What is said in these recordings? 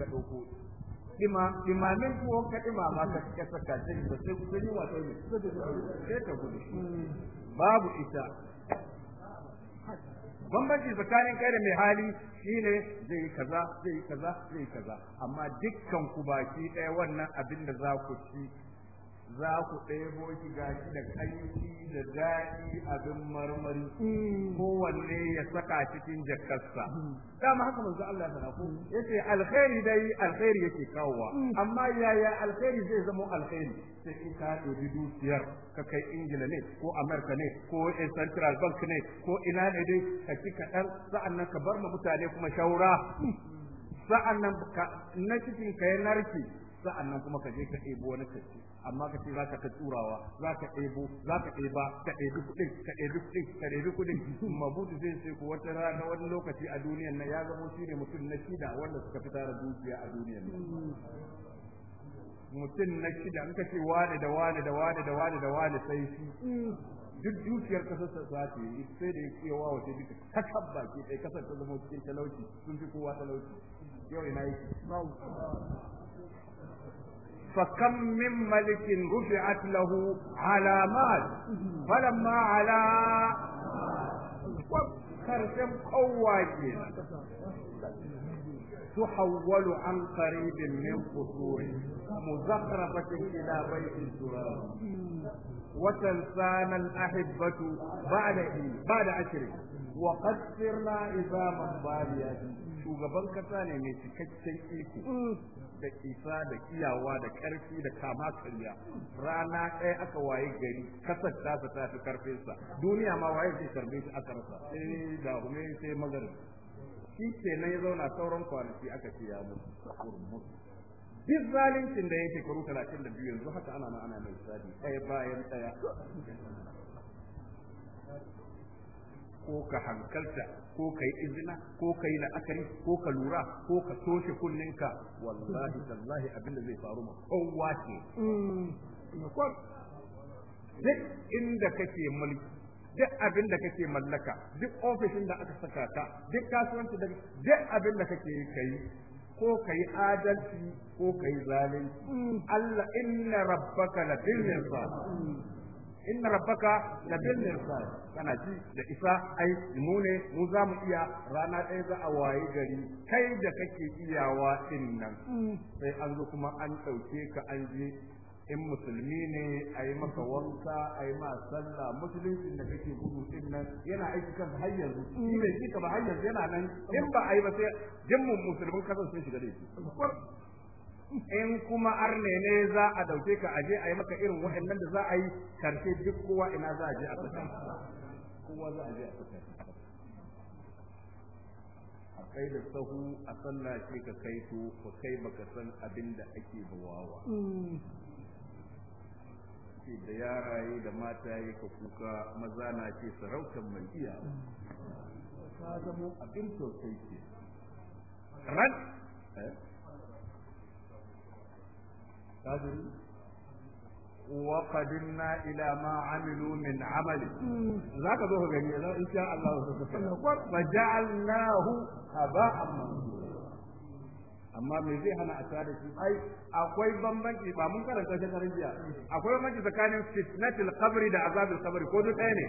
ka ɗauko imamin ko ka imama ka ka saka ta da sai ku yi wato ne sai ta gudu babu ita bambanci tsakanin kai da mai hali shine zai yi kaza zai yi kaza zai yi kaza amma dukkan ku baki ɗaya wannan abin da za ku ci za ku ɗebo shi gashi da kanki da daɗi abin marmari mm. kowanne ya saka cikin jakarsa mm. dama haka manzo Allah ya faɗa ko mm. yace alkhairi dai alkhairi yake kawowa amma yaya alkhairi zai zama alkhairi sai in ka ɗori dukiyar ka kai Ingila ne ko Amerika ne ko Central Bank ne ko ina ne dai ka ci kaɗan nan ka bar ma mutane kuma shaura sa'an nan na cikin ka ya narke nan kuma ka je ka ɗebo wani kaci amma ka ce za ta turawa zaka ɗebo ka ɗeba ka ɗebi kuɗin ka ɗebi kuɗin ka ɗebi kuɗin mabudu zai ce ko wata rana wani lokaci a duniyan nan ya zama shi ne mutum na shida wanda suka fi tara dukiya a duniyan nan mutum na shida in ka ce wane da wane da wane da wane da wane sai shi duk dukiyar kasar ta zafi sai da ya kewa wace duka kakab baki ɗaya kasar ta zama cikin talauci sun fi kowa talauci yau ina yake فكم من ملك رفعت له علامات فلما على كرشم قواجين تحول عن قريب من قصور مزخرفة إلى بيت الزرار وتنسانا الأحبة بعد بعد عشرين وقد سرنا إذا من باليا shugaban kasa ne mai cikakken iko mm. da isa da kiyawa da karfi da kama karya rana ɗaya aka waye gari kasar tasa ta fi karfinsa duniya ma waye zai karbe shi aka rasa sai da hume sai magana shi ke nan ya zauna sauran kwanaki aka ce ya mutu duk zalincin da ya shekaru talatin da biyu yanzu haka ana ma'ana ana mai sadi ɗaya bayan ɗaya ko ka hankalta ko ka yi izina ko ka yi la'akari ko ka lura ko ka toshe kunninka wallahi tallahi abin da zai faru ma kowa ce mm. duk inda kake mulki duk abin da kake mallaka duk ofishin da aka saka ka duk kasuwanci da duk abin da kake kai ko kai adalci ko kai zalunci mm. Allah inna rabbaka la mirsad mm. inna rabbaka la bil mirsad kana ji da isa ai mu ne mu za mu iya rana ɗaya za a waye gari kai da kake iyawa din nan sai an zo kuma an ɗauke ka an je in musulmi ne a maka wanka a yi ma sallah musulunci da kake gudu din nan yana aiki kan har yanzu shi bai shi ka ba har yanzu yana nan in ba a yi ba sai jimmin musulmin kasar sun shiga da shi in kuma arne ne za a dauke ka aje a yi maka irin waɗannan da za a yi karshe duk kowa ina za a je a fita kowa za a je a fita a kai da sahu a sannan ce ka kai to ba kai baka san abin da ake bawawa ce da yaraye da mata yi ka kuka maza na ce sarautar mai iya ka zamo abin sosai ce ran eh? kafiri wa qadimna ila ma amilu min amali zaka zo ka gani idan insha Allah su wa ja'alnahu amma me zai hana a tada shi ai akwai bambanci ba mun karanta shi karin jiya akwai bambanci tsakanin fitnatul qabri da azabul qabri ko duk ɗaya ne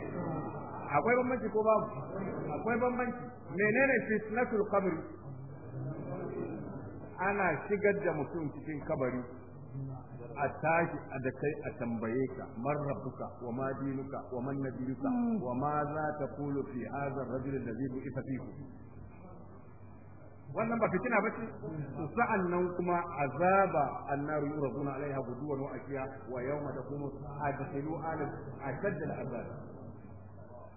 akwai bambanci ko babu akwai bambanci menene fitnatul qabri ana shigar da mutum cikin kabari a tashi da kai a tambaye ka man rabbuka wa ma dinuka wa man nabiyuka wa ma za ta kulu fi hadha ar-rajul alladhi bi fihi wannan ba fitina ba ce sa'an nan kuma azaba annaru yuraduna alaiha guduwan wa akiya wa yawma taqumu adkhilu ala ashadda al-azab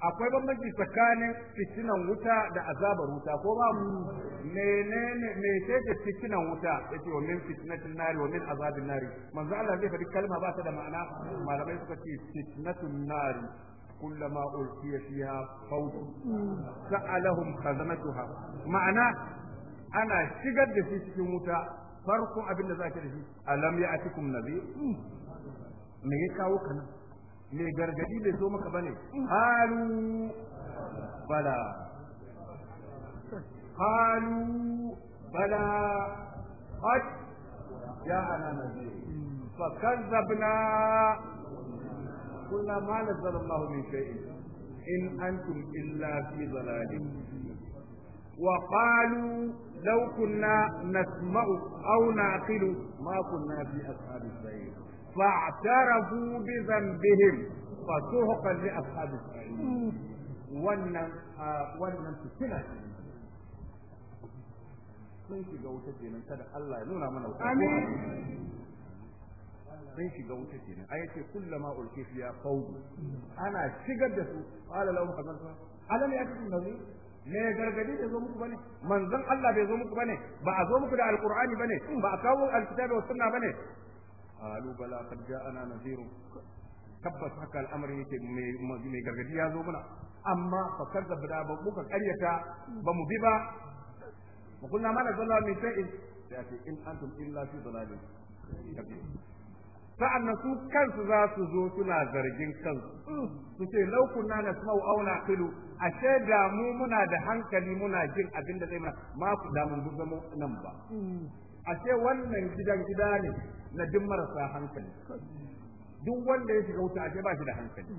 akwai bambanci tsakanin fitinan wuta da azabar wuta ko ba mu hmm. menene me ce fitinan wuta yace wa min fitnatin nari wa min azabin nari manzo Allah zai faɗi kalma ba ta da ma'ana malamai suka ce fitnatun nari kullama ulfiya fiha fawt hmm. sa'alahum khazanatuha ma'ana ana shigar da shi cikin wuta farkon abin da zaka da shi alam ya'tikum nabi hmm. me ya kawo kana me gargadi bai zo maka bane halu bala halu bala qad ya ana nabi fa kadzabna kullu ma nazzala Allah min shay'in in antum illa fi dhalalin wa qalu law kunna nasma'u aw naqilu ma kunna fi ashabis sayyid fa'tarafu bi dhanbihim fa suhqan li ashabi wannan wannan fitina sun shiga wuta kenan kada Allah ya nuna mana wuta amin sun shiga wuta kenan ai ce kullama ulki fiya fawd ana shigar da su qala lahu hasan alam yakun nabi me gargadi da zo muku bane manzon Allah bai zo muku bane ba a zo muku da alqur'ani bane ba a kawo alkitabi wa sunna bane قالوا بلى قد جاءنا نذير تبت حق الامر yake مي غرغدي ya zo اما amma fa بوكا قريتا ba muka karyata ba mu bi ba wa kunna ma nazalla min shay'in yace in illa sa'an su kansu za su zo suna zargin kansu su ce law kunna nasma'u aw naqilu ashe da mu muna da hankali muna jin abin da zai ma ku mun zama nan ba ashe wannan gidan gida ne na duk marasa hankali duk wanda ya shiga wuta ce ba shi da hankali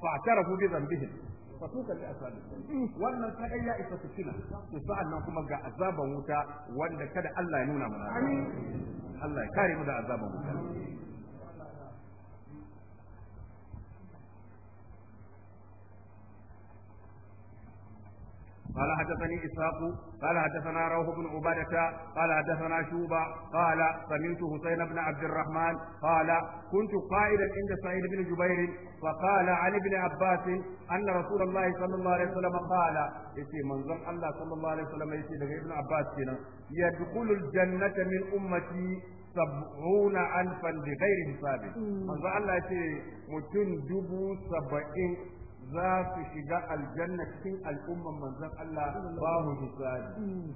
fa'tarafu bi dhanbihim fa suka da asabi wannan ta ya isa kina to nan kuma ga azaban wuta wanda kada Allah ya nuna mana Allah ya kare mu da azaban wuta قال حدثني إسحاق قال حدثنا روح بن عبادة قال حدثنا شوبة قال سمعت حسين بن عبد الرحمن قال كنت قائلا عند سعيد بن جبير فقال عن ابن عباس أن رسول الله صلى الله عليه وسلم قال يتي منظر الله صلى الله عليه وسلم يتي ابن عباس كنا يدخل الجنة من أمتي sab'un alfan bi ghairi hisab manzo Allah ya ce mutum dubu saba'in za su shiga aljanna cikin al'umman manzon Allah ba babu hisabi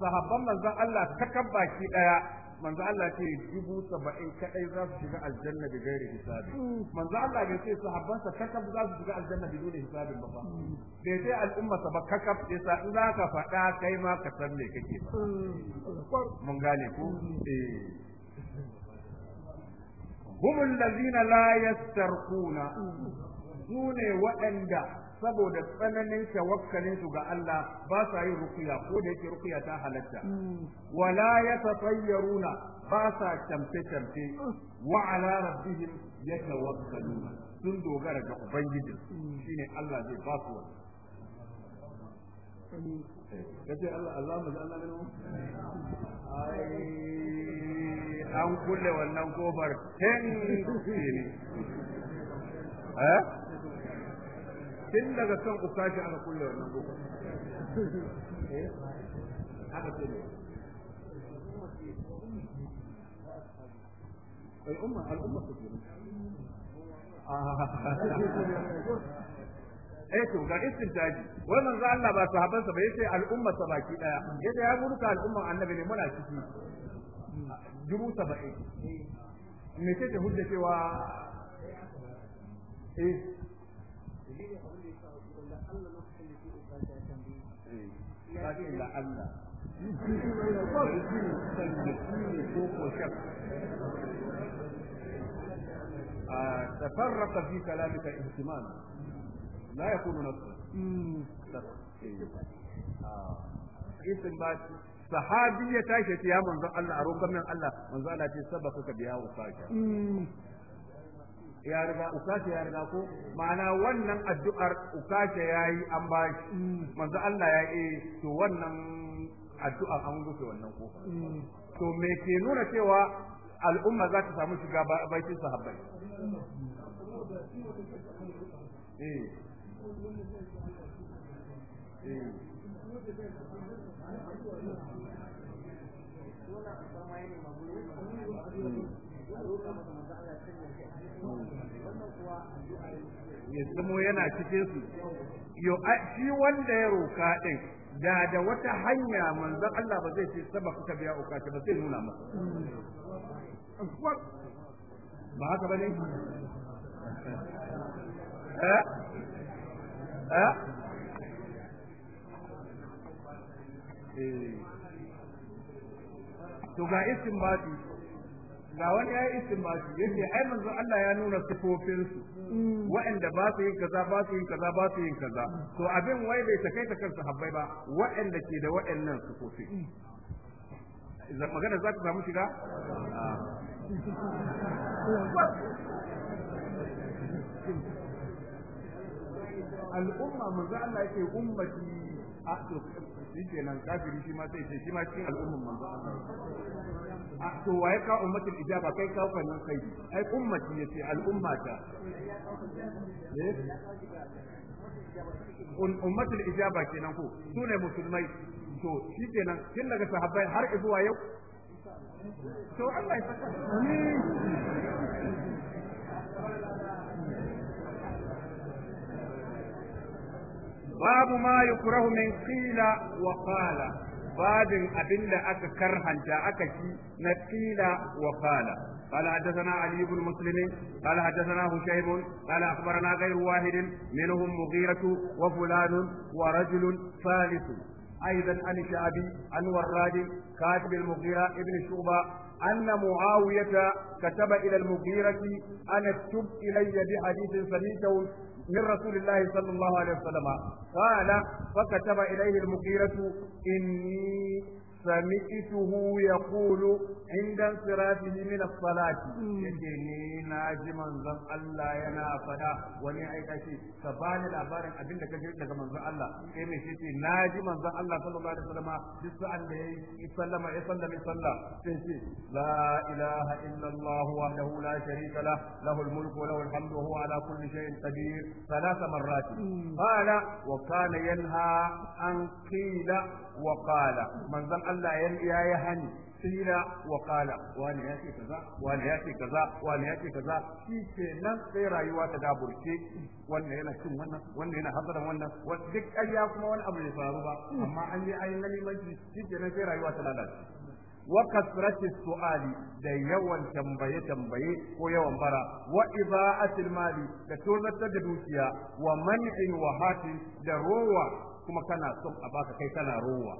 sahabban manzon Allah kabba ki daya manzo Allah ce dubu saba'in kadai za su shiga aljanna da gairi hisabi manzo Allah bai ce sahabbansa kakab za su shiga aljanna da gairi hisabin ba fa bai ce al'umma sa ba kakab sai sa in za ka faɗa kai ma ka san me kake ba mun gane ko eh هم الذين لا يسترقون su ne waɗanda saboda tsananin tawakkalin su ga Allah ba sa yin rukuya ko da yake rukuya ta halatta hmm. wala yatasayyaruna ba sa tamfe tamfe wa ala rabbihim yatawakkaluna sun dogara ga ubangijin hmm. shine Allah zai ba su wannan eh, kace Allah ne ai an kulle tun daga kan ukashi aka kulle wannan boko eh? haka ce ne al'umma al'umma su ah. eh to ga istintaji wai manzo Allah ba sahabban sa ba yace al'umma sa baki daya yace ya murka al'umma annabi ne muna ciki dubu saba'in me ce hujja cewa eh dalili abin da ya sa su da Allah lokacin da ke eh, ba ta Allah تفرق في كلامك اهتماما لا يكون نصرا isin ba sahabi ya tashi ya a roƙon Allah manzon ce sabaka biya wa ya riga ukasha ya riga ko ma'ana wannan addu'ar ya yayi an ba shi manzo Allah ya yi eh, to wannan addu'a an rufe wannan kofa to me ke nuna cewa al'umma za ta samu shiga bakin sahabbai eh eh you. Hmm. ya zamo yana cikin su yo shi wanda ya roka din da da wata hanya manzon Allah ba zai ce sabab ka biya uka ba zai nuna maka ba haka bane eh? eh eh to ga shi ga wani ya yi ya ce, ai manzo Allah ya nuna sifofin su mm. waɗanda ba su yin kaza ba su yin kaza ba su yin kaza to abin wai bai takai ta kansu habbai ba wa'anda ke da wa'annan sifofi magana za ta samu shiga al'umma manzo Allah yake ummati shi kenan kafiri shi ma sai shi ma cikin al'umman manzo a to waye ka ummatul ijaba kai ka fannin kai ai ummati yace al'umma ta eh? ummatul ijaba kenan ko su ne musulmai to shi kin daga sahabbai har zuwa yau to Allah ya saka amin باب ما يكره من قيل وقال باب babin abinda aka جاءك نقيل وقال قال حدثنا علي بن مسلم قال حدثنا هشيم قال اخبرنا غير واحد منهم مغيرة وفلان ورجل ثالث ايضا عن شعبي عن وراد كاتب المغيرة ابن شعبة أن معاوية كتب إلى المغيرة أن اكتب إلي بحديث سميته من رسول الله صلى الله عليه وسلم قال فكتب إليه المغيرة إني سمعته يقول عند انصرافه من الصلاة يجيني ناجي من ذن الله ينا فدا وني اي كشي سباني لابارن ابين da kaje daga manzon Allah sai mai shi naji manzon Allah sallallahu alaihi wasallam duk sa'an da yayi sallama ya sallame sallah sai shi la ilaha illa Allah wahdahu la sharika lah lahu wa lahu al-hamdu wa huwa ala kulli shay'in qadir an وقال من ظن الله يا يهني قيل وقال وانا ياتي كذا وانا ياتي كذا وانا ياتي كذا في kenan sai rayuwa ta daburce wannan yana cin wannan wannan yana hazaran wannan duk ƙarya kuma wani abu ya faru ba amma an yi ayin nalimanci shi nan sai rayuwa ta lalace wa kasrati su'ali da yawan tambaye tambaye ko yawan bara wa ibaatil mali da tozartar da dukiya wa man'in wa hatin da rowa kuma kana son a baka kai kana rowa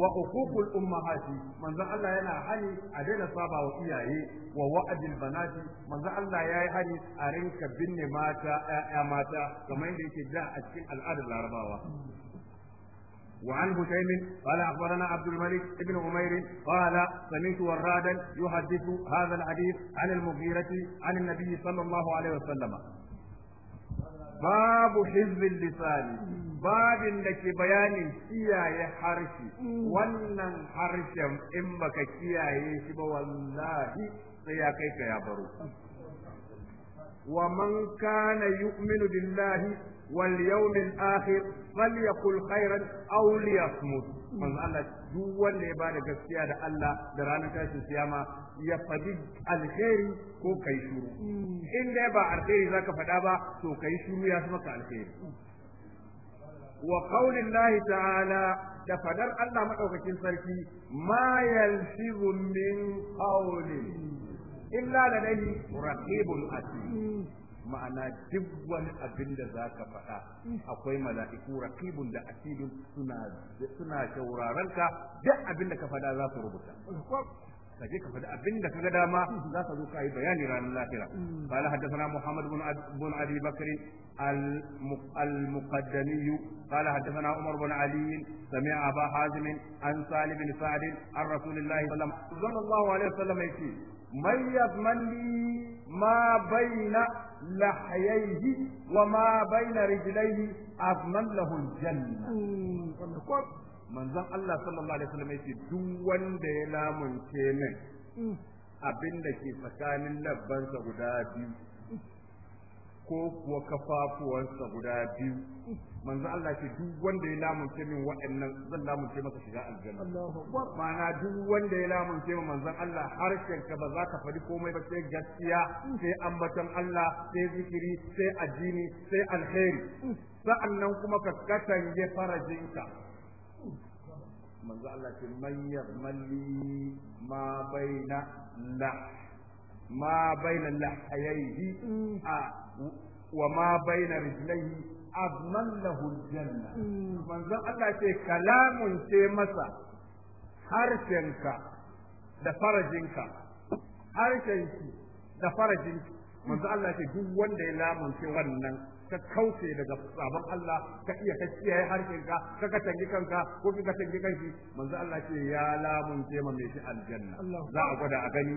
wa uququl ummahati manzo Allah yana hani a daina saba wa iyaye wa wa'adil banati manzo Allah yayi hani a rinka binne mata ƴaƴa mata kamar yadda yake da a cikin al'adar Larabawa وعن هشيم قال اخبرنا عبد الملك بن عمير قال سمعت ورادا يحدث هذا الحديث عن المغيرة عن النبي صلى الله عليه وسلم babu hizbin lisani babin da ke bayanin kiyaye harshe wannan harshen in baka kiyaye shi ba wallahi sai ya kai ka ya baro wa man kana yu'minu billahi واليوم ahir فليقل خيرا أو ليصمت manzo Allah duk wanda ya bada gaskiya da Allah da ranar tashin kiyama ya faɗi alheri ko kai shuru mm. in dai ba alheri za ka faɗa ba to kai shuru ya fi maka alheri wa qaulin ta'ala da faɗar Allah madaukakin sarki ma yalfizu min qawlin illa ladayhi raqibun atid mm. ma'ana duk wani abin da za ka faɗa akwai mala'iku rakibun da asidin suna shauraron ka duk abin da ka faɗa za su rubuta ka je ka faɗi abin da ga dama za ka zo ka yi bayani ranar lahira قال حدثنا محمد bin ابي بكر المقدمي قال حدثنا عمر بن علي سمع ابا حازم عن سالم بن سعد عن رسول الله صلى الله عليه وسلم يقول من يضمن لي ما بين لحييه وما بين رجليه أضمن له الجنة manzon Allah sallallahu alaihi wasallam yace duk wanda ya lamunce min abin da ke tsakanin labbansa guda biyu ko kuwa kafafuwansa guda biyu manzo Allah ke duk wanda ya lamunce min waɗannan zan lamunce masa shiga aljanna ma'ana duk wanda ya lamunce min manzon Allah harshen ka ba za ka faɗi komai ba sai gaskiya sai ambaton Allah sai zikiri sai addini sai alheri sa'annan kuma ka katange farajinka manzo Allah ke man ma baina la ma baina a wa mabainar baina rijlaihi azman lahu aljanna Allah ce kalamun ce masa harshenka da farajinka harshenki da farajinki manzon Allah ce duk wanda ya lamunce wannan ka kauce daga sabon Allah ka iya ka harshen ka ka ka kanka ko ka tangi kanki manzo Allah ce ya lamunce ma mai shi aljanna za a gwada a gani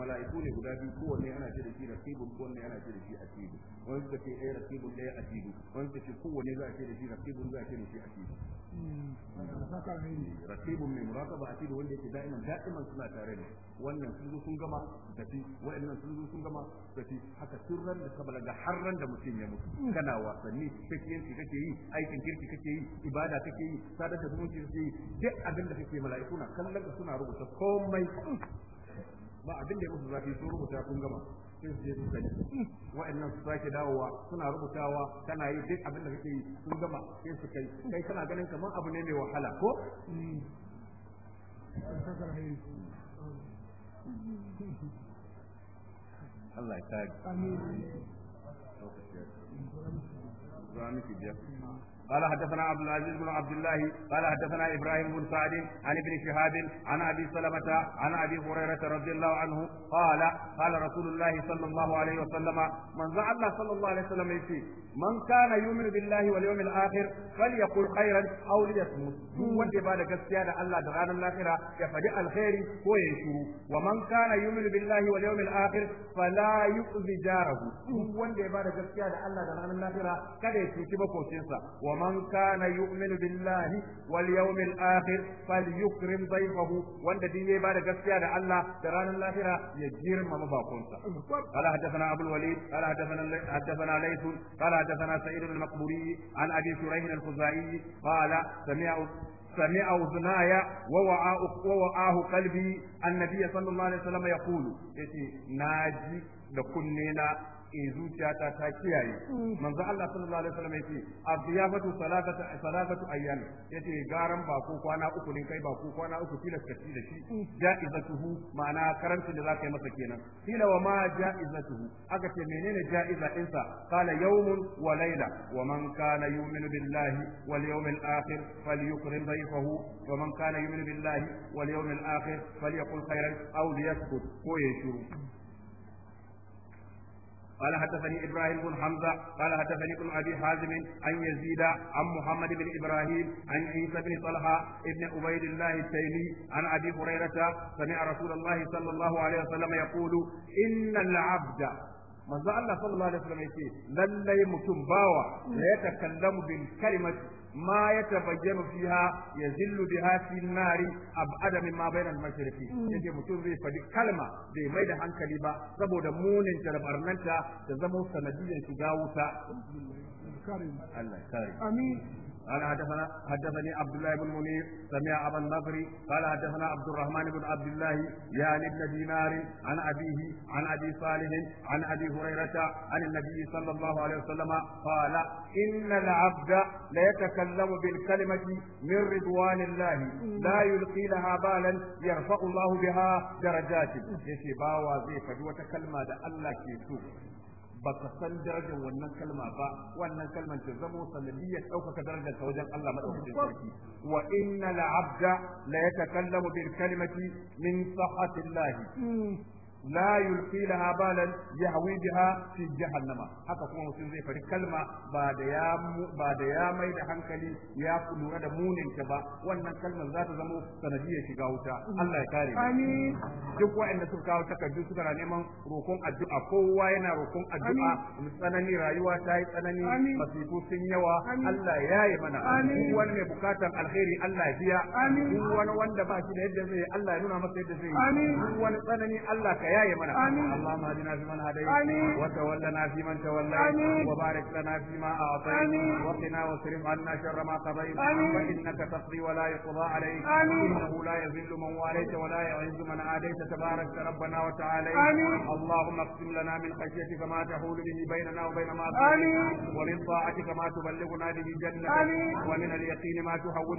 mala'iku ne guda biyu kowanne ana ce da shi rasibun kowanne ana ce da shi asibu wani suka ce ɗaya eh, rasibun ɗaya asibu wani suka ce kowanne za a ce da shi rasibun za a ce da shi asibu hmm. rasibun mai muraqaba asibu wanda yake da'iman da'iman suna tare ne wannan sun zo sun gama su tafi wa'annan sun zo sun gama su tafi haka sirran da kabala da harran da mutum ya mutu hmm. kana wasanni kake yin kake yi aikin kirki kake yi ibada kake yi sadar da zumunci kake yi duk abin da kake mala'iku na kallon suna rubuta komai ba abin da ya musu zafi sun rubuta sun gama sun su je su sani wa'annan su sake dawowa suna rubutawa kana yi duk abin da kake yi sun gama sai su kai kai kana ganin kamar abu ne mai wahala ko Allah ya tagi. Amin. Zuwa miki biya. قال حدثنا عبد العزيز بن عبد الله قال حدثنا ابراهيم بن سعد عن ابن شهاب عن ابي سلمة عن ابي هريرة رضي الله عنه قال قال رسول الله صلى الله عليه وسلم من زعل الله صلى الله عليه وسلم يسي من كان يؤمن بالله واليوم الاخر فليقل خيرا او ليصمت هو wanda ba da gaskiya da Allah da ranar lahira ya faɗi alkhairi ko ya shiru wa man kana yu'minu billahi wal yawmil akhir fala yu'zi jarahu duk wanda ya ba da gaskiya da Allah da ranar lahira kada ya cuci makocinsa wa ومن كان يؤمن بالله واليوم الآخر فليكرم ضيفه وان دي بعد غسيا ده الله تران الآخرة يجير ما باكونتا قال حدثنا أبو الوليد قال حدثنا حدثنا ليث قال حدثنا سعيد المقبوري عن أبي شريح الخزاعي قال سمع سمع أذناي ووعاه قلبي النبي صلى الله عليه وسلم يقول ناجي da kunne na in eh, zuciyata ta kiyaye manzo Allah sallallahu alaihi wasallam yace ya salatatu salatatu ayyam yace garan ba ko kwana uku ne kai ba ko kwana uku tilas ka ci da shi ja'izatuhu ma'ana karancin da zaka yi masa kenan kila wa ma ja'izatuhu aka ce menene ja'iza insa qala yawmun wa layla wa man kana yu'minu billahi wal yawmil akhir falyukrim dayfahu wa man kana yu'minu billahi wal yawmil akhir falyaqul khairan aw liyaskut ko yashuru قال حدثني ابراهيم بن حمزه قال حدثني ابن ابي حازم عن يزيد عن محمد بن ابراهيم عن عيسى بن طلحه ابن عبيد الله التيمي عن ابي هريره سمع رسول الله صلى الله عليه وسلم يقول ان العبد manzo Allah sallallahu alaihi wasallam yace lallai mutum bawa da ya takallamu bil kalimati ما يتبين فيها يزل بها في النار أبعد مما بين المشرق يجي متون زي فدي كلمة زي ميدا عن كلمة سبو دمون انت لبرنانتا تزمو سنديا شجاوتا الله كريم أمين قال حدثنا حدثني عبد الله بن منير سمع ابا النضر قال حدثنا عبد الرحمن بن عبد الله يعني بن دينار عن ابيه عن ابي صالح عن ابي هريره عن النبي صلى الله عليه وسلم قال ان العبد ليتكلم بالكلمه من رضوان الله لا يلقي لها بالا يرفع الله بها درجات يشي باوا زي فدوة كلمه ده الله كي baka san darajar wannan kalma ba wannan kalmar ta zamo sanadiyyar ɗaukaka darajar ta wajen Allah madaukakin sarki wa inna al-abda la yatakallamu bil kalimati min sahhati la yulqi laha balan yahwi ci fi jahannama haka kuma mutum zai fari kalma ba da ya ba da ya mai da hankali ya lura da munin ta ba wannan kalmar za ta zama sanadiyar shiga wuta Allah ya kare amin duk waɗanda suka kawo takardu suka na neman roƙon addu'a kowa yana roƙon addu'a tsanani rayuwa ta yi tsanani masifu sun yawa Allah ya ya'ye mana duk wani mai bukatan alheri Allah ya biya duk wani wanda ba shi da yadda zai Allah ya nuna masa yadda zai duk wani tsanani Allah ka ka yaye mana amin allahumma hadina fi man hadayta wa tawallana fi man tawallaita wa barik lana fi ma a'tayta wa qina wa sirif anna sharra ma qadayta wa innaka taqdi wa la yuqda alayka innahu la yuzillu man walayta wa la yu'izzu man adayta tabarak rabbana wa ta'ala allahumma aqsim lana min khashyatika ma tahulu bihi bainana wa bain ma wa min ta'atika ma tuballighuna bihi jannatika wa min al-yaqin ما تحول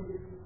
Thank you.